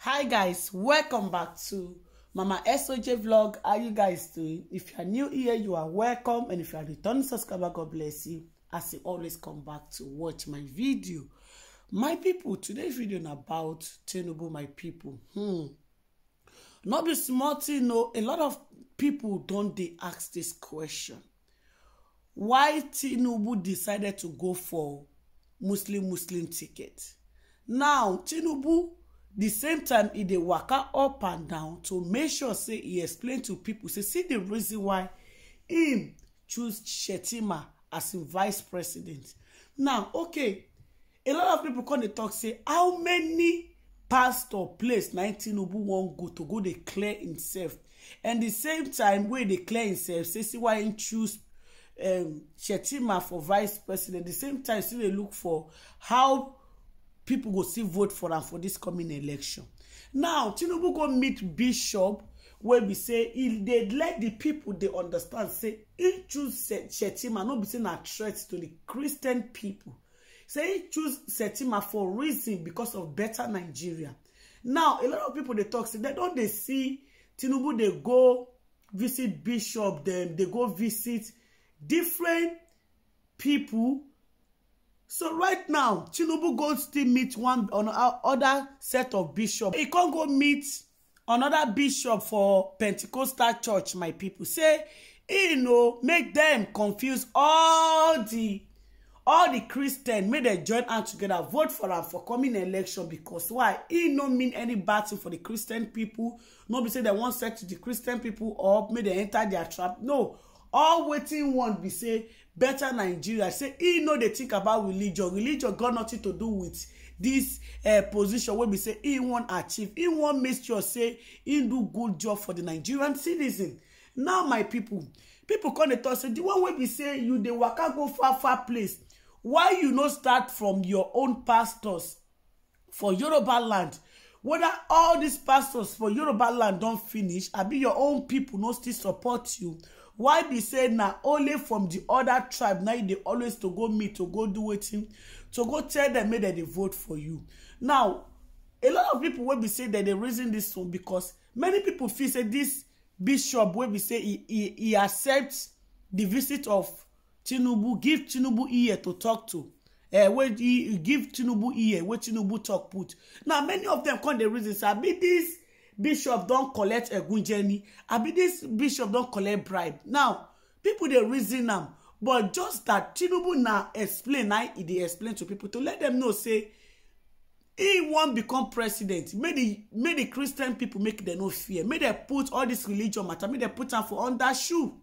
hi guys welcome back to mama soj vlog how you guys doing if you are new here you are welcome and if you are returning subscriber god bless you as you always come back to watch my video my people today's video is about Tinubu my people hmm not be small thing o a lot of people don't they ask this question why Tinubu decided to go for muslim muslim ticket now Tinubu the same time e dey waka up and down to make sure say e explain to people. say see the reason why im choose shetima as im vice president now okay a lot of people come dey talk. say how many pastor place na tinubu wan go to go dey clear himself and the same time wey e dey clear himself say see why im choose um, shetima for vice president The same time still dey look for how people go still vote for am for this coming election now tinubu go meet bishop wey be say e dey let di pipo dey understand say e choose shetima no be say na threat to di christian pipo say e choose shetima for reason because of better nigeria now a lot of pipo dey talk, say dem don dey see tinubu dey go visit bishop dem dey go visit different pipo so right now tinubu go still meet one on other set of bishop He can't go meet another bishop for pentecostal church my people say e know make them confuse all the, all the christian make they join hand together vote for am for coming election Because why e no mean any battle for the christian people. no be say dem wan set the christian people up make they enter their trap no all waiting one be say better nigeria say e no dey think about religion religion got nothing to do with dis eh, position wey be say e wan achieve e wan make sure say e do good job for the nigerian citizen now my people, people come dey talk say di one wey be say you dey waka go far far place why you no start from your own pastors for yoruba land whether all these pastors for yoruba land don finish abi your own people no still support you why be say na only from the other tribe na you dey always to go meet to go do wetin to go tell dem make dem dey vote for you now a lot of people wey be say dem dey reason this one because many people feel say this bishop wey be say he he he accept the visit of tinubu give tinubu ear to talk to eh, wey give tinubu ear wey tinubu talk put now many of them come dey reason sabi this bishop don collect egunjeni abi this bishop don collect bribe now people dey reason am but just that tinubu na explain na e dey explain to people to let them know say e wan become president make di christian people make them no fear make dem put all this religion matter make dem put am for under shoe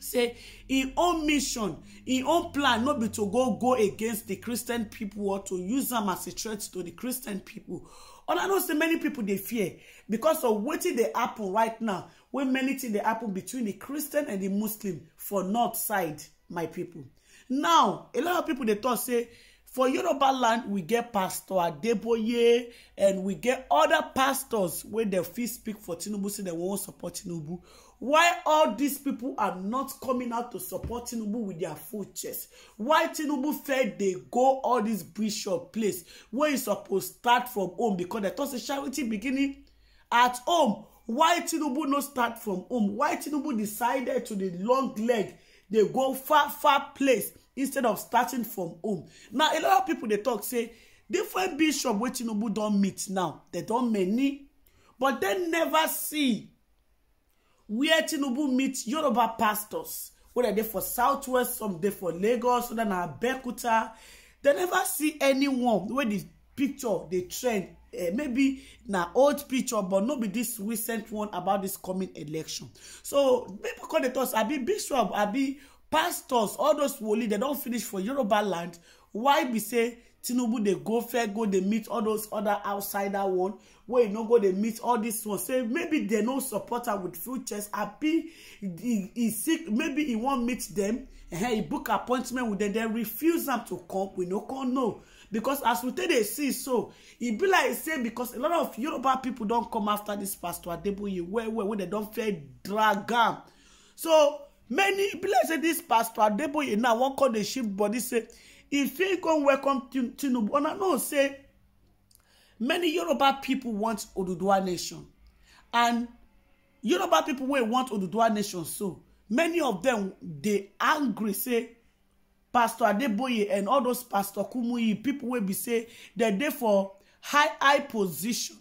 say im own mission im own plan no be to go go against di christian pipo or to use am as a threat to di christian pipo and i know say many pipo dey fear because of wetin dey happen right now wey many things dey happen between di christian and di muslim for north side my pipo now a lot of pipo dey tok say for yoruba land we get pastor adeboye and we get oda pastors wey dem fit speak for tinubu say dem wan support tinubu why all these people are not coming out to support Tinubu with their full chest. Why Tinubu said they go all this bishop place where it's supposed to start from home because they thought the charity beginning at home. Why Tinubu not start from home? Why Tinubu decided to the long leg they go far far place instead of starting from home? Now a lot of people they talk say different bishop where Tinubu don't meet now they don't many but they never see where Tinubu meet Yoruba pastors, whether they for Southwest, some they for Lagos, other na Abeokuta. They never see anyone where the picture the trend. Uh, maybe na old picture, but not be this recent one about this coming election. So people call it us. I be bishop, I be pastors, all those holy, they don't finish for Yoruba land. Why be say tinubu dey go fair go dey meet all those other outsider one wey e no go dey meet all dis one say maybe dem no support am with full chest abi e sick maybe e wan meet dem e book appointment with dem dem refuse am to come we no come know because as we take dey see so e be like say because a lot of yoruba people don come after this pastor adeboye well well wey dem don fair drag am so many e be like say dis pastor adeboye now wan come dey shift body say If fit go welcome tinubu and I know say many yoruba people want oduduwa nation and yoruba people will want oduduwa nation so many of them, they angry say pastor adeboye and all those pastor kumuyi people will be say dem dey for high high position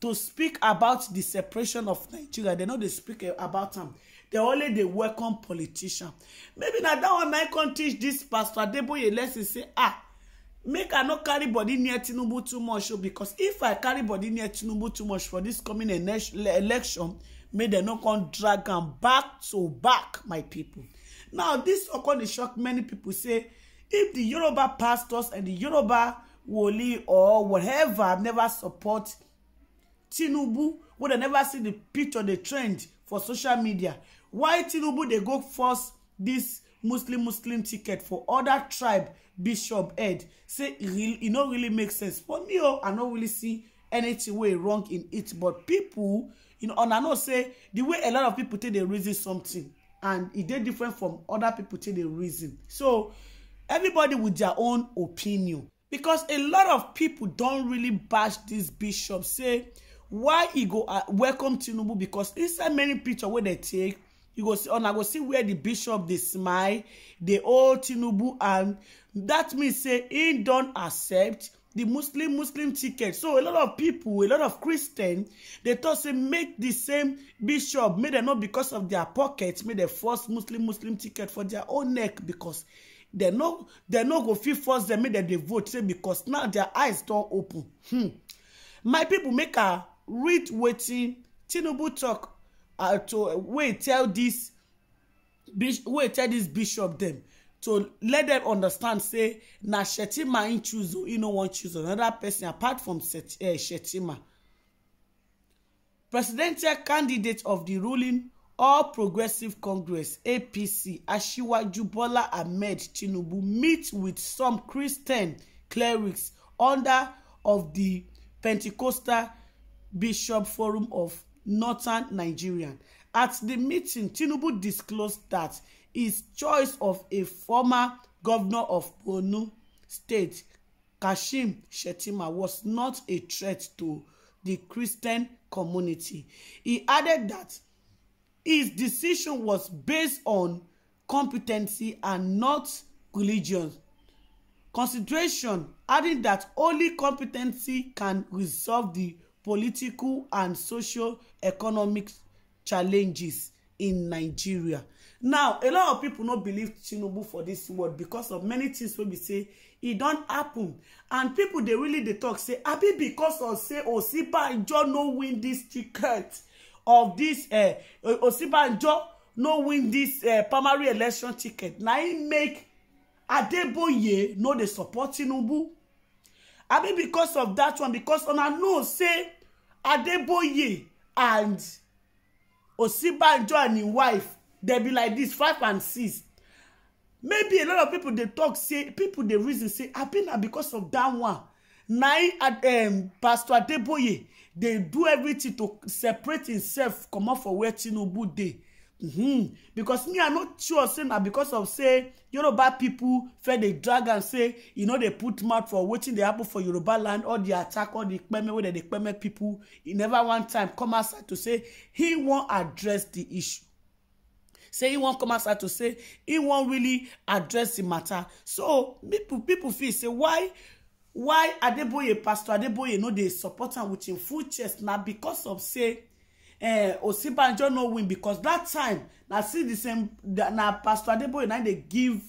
to speak about the separation of nigeria They know they speak about am they only dey welcome politician maybe na that one na come teach this pastor adeboye lesson say ah make i no carry body near tinubu too much o because if i carry body near tinubu too much for this coming election may dem no come drag am back to back my people. now this occur dey shock many people say if the yoruba pastors and the yoruba woli or whatever never support tinubu wey dem never see di picture the trend for social media why tinubu dey go force dis muslim muslim ticket for oda tribe bishop head say e no really make sense for me Oh, i no really see anything wey wrong in it but pipo una know say the way a lot of people take dey reason something and e dey different from other people take dey reason so everybody with their own opinion because a lot of people don really bash this bishop say why e go uh, welcome tinubu because inside many picture wey dem take you go see una go see where the bishop dey smile dey hold tinubu and that mean say im don accept the muslim muslim ticket so a lot of people, a lot of christians dey tok say make the same bishop make dem not because of their pocket make dem force muslim muslim ticket for their own neck because dem no no go fit force dem make dem dey vote say because now their eyes don open hmm my people make i read wetin tinubu talk. Uh, to uh, wey tell this wey tell this bishop dem to let dem understand say na shetima im choose o im no wan choose another person apart from uh, shetima presidential candidate of the ruling all progressive congress apc asiwaju bola ahmed tinubu meet with some christian clerics under of the pentecostal bishop forum of northern Nigerian. At the meeting, Tinubu disclosed that his choice of a former governor of Borno State, Kashim Shettima, was not a threat to the Christian community. He added that his decision was based on competency and not religion consideration adding that only competency can resolve the political and socio-economic challenges in nigeria now a lot of people no believe tinubu for this world because of many things. wey be say e don happen and people dey really dey talk say abi ah, because of say osinbajo no win this ticket of this dis eh, osinbajo no win dis eh, primary election ticket na im make adeboye no dey support tinubu abi ah, because of that one becos una know say Adeboye and Osibanjo and im wife dem be like this five and six maybe a lot of people dey talk say people dey reason say happy na because of that one na um, pastor adeboye dey do everything to separate himself comot for where tinubu dey Mm -hmm. because me I'm not sure say na because of say yoruba pipo fair dey drag am say you know, they put mouth for waiting the apple for yoruba land all di attack or the kpeme wey the dey people, he never one time come outside to say he won't address the issue say he won't come outside to say he won't really address the matter so people, people feel say why why adeboye pastor adeboye no dey support am with im full chest now because of say eh, osinbajo no win because that time na see the same na pastor adeboye na dey give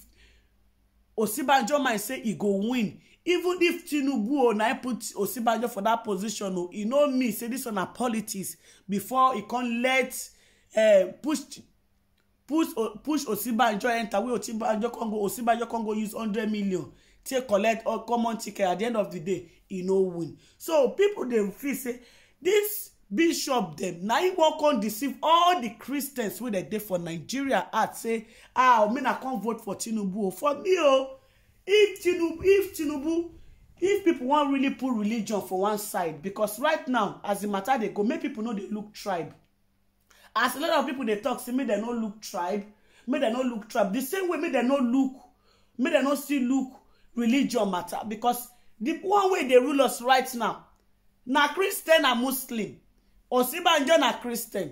osinbajo mind say e go win even if tinubu o na put osinbajo for that position o e no mean say this one na politics before e come let eh, push push push osinbajo enter wey osinbajo come go osinbajo come go use hundred million take collect common ticket at the end of the day e no win so people dey feel say this bishop dem na im wan come deceive all di christians wey dey for nigeria heart say ah omena come vote for tinubu o for me o if tinubu if tinubu if pipo wan really put religion for one side because right now as di matter dey go make pipo no dey look tribe as a lot of pipo dey talk say make dem no look tribe make dem no look tribe di same way make dem no look make dem no still look religion matter because di one wey dey rule us right now na christian and muslim osinbajo na christian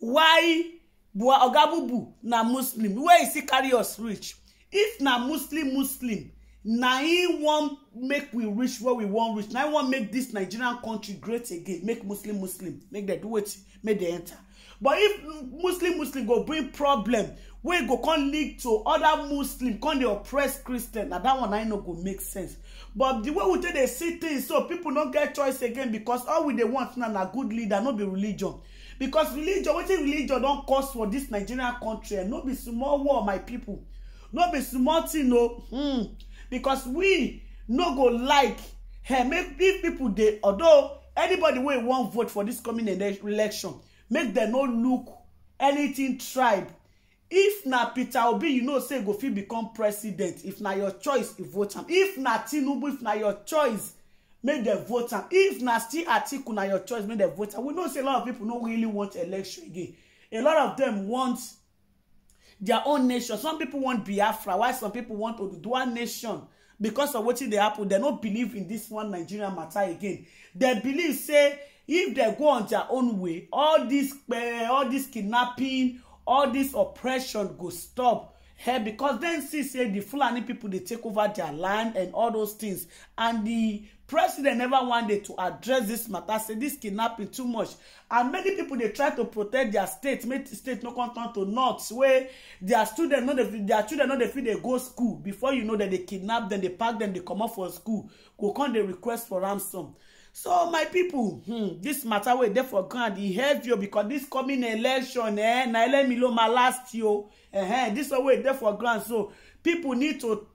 Why while ogabubu na muslim where is he carry us rich? if na muslim muslim na him wan make we rich where we wan rich. na him wan make this nigerian country great again make muslim muslim make dem do wetin make dem enter but if muslim muslim go bring problem wey go come lead to other muslim come dey oppress christian na that one I know go make sense but the way we take dey see things so people no get choice again because all we they want now na good leader not be religion because religion what wetin religion don't cause for this Nigerian country and eh, not be small war my people not be small thing no, oh. hmm because we no go like hey, eh, make if people they although anybody wey wan vote for this coming election make dem not look anything tribe if na peter obi you know say you go fit become president if na your choice you vote am if na tinubu if na your choice make dem vote am if na still atiku na your choice make dem vote am we know say a lot of people no really want election again a lot of them want their own nation some people want biafra while some people want oduduwa nation because of wetin dey happen dem no believe in this one nigeria matter again dem believe say if dem go on their own way all this uh, all this kidnapping all this oppression go stop here eh, because then, see say di fulani people they take over their land and all those things and the president never wanted to address this matter say this kidnapping too much and many people they try to protect their state make state no content come turn to north wey dia children no dey fit they go school before you know that they kidnap them, they pack them, they come comot for school go come dey request for ransom so my people, hmm, dis matter wey dey for ground e help you because this coming election eh, na elemiloma last yo. eh, this one wey dey for ground so people need to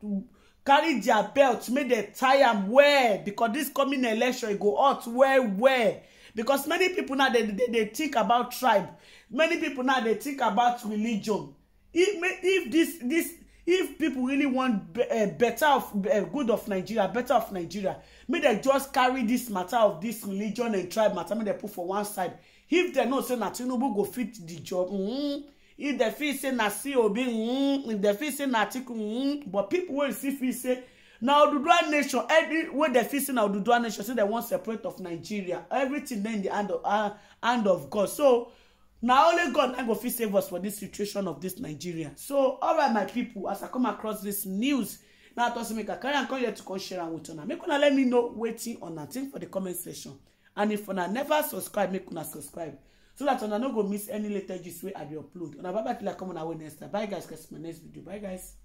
carry their belt make dem tie am well because this coming election e go hot well well because many people now dey dey think about tribe many people now dey think about religion if if this this if people really want be, uh, better of uh, good of nigeria better of nigeria may they just carry this matter of this religion and tribe matter May they put for one side if they know say na tinubu go fit the job mm, if they feel say na cob mm, mm-hmm. if they feel say na atiku mm, but people wey see feel say na oduduwa nation every wey they feel say na oduduwa nation say they wan separate of nigeria everything dey in the hand of uh, hand of god so na only god na go fit save us for dis situation of dis nigeria so alright my pipo as i come across dis news na i tok say make i carry am come here to come share am with una make una let me know wetin una think for di comment section and if una never subscribe make una subscribe so dat una no go miss any latest gist wey i dey upload una bye bye come on our next time bye guys catch my next video bye guys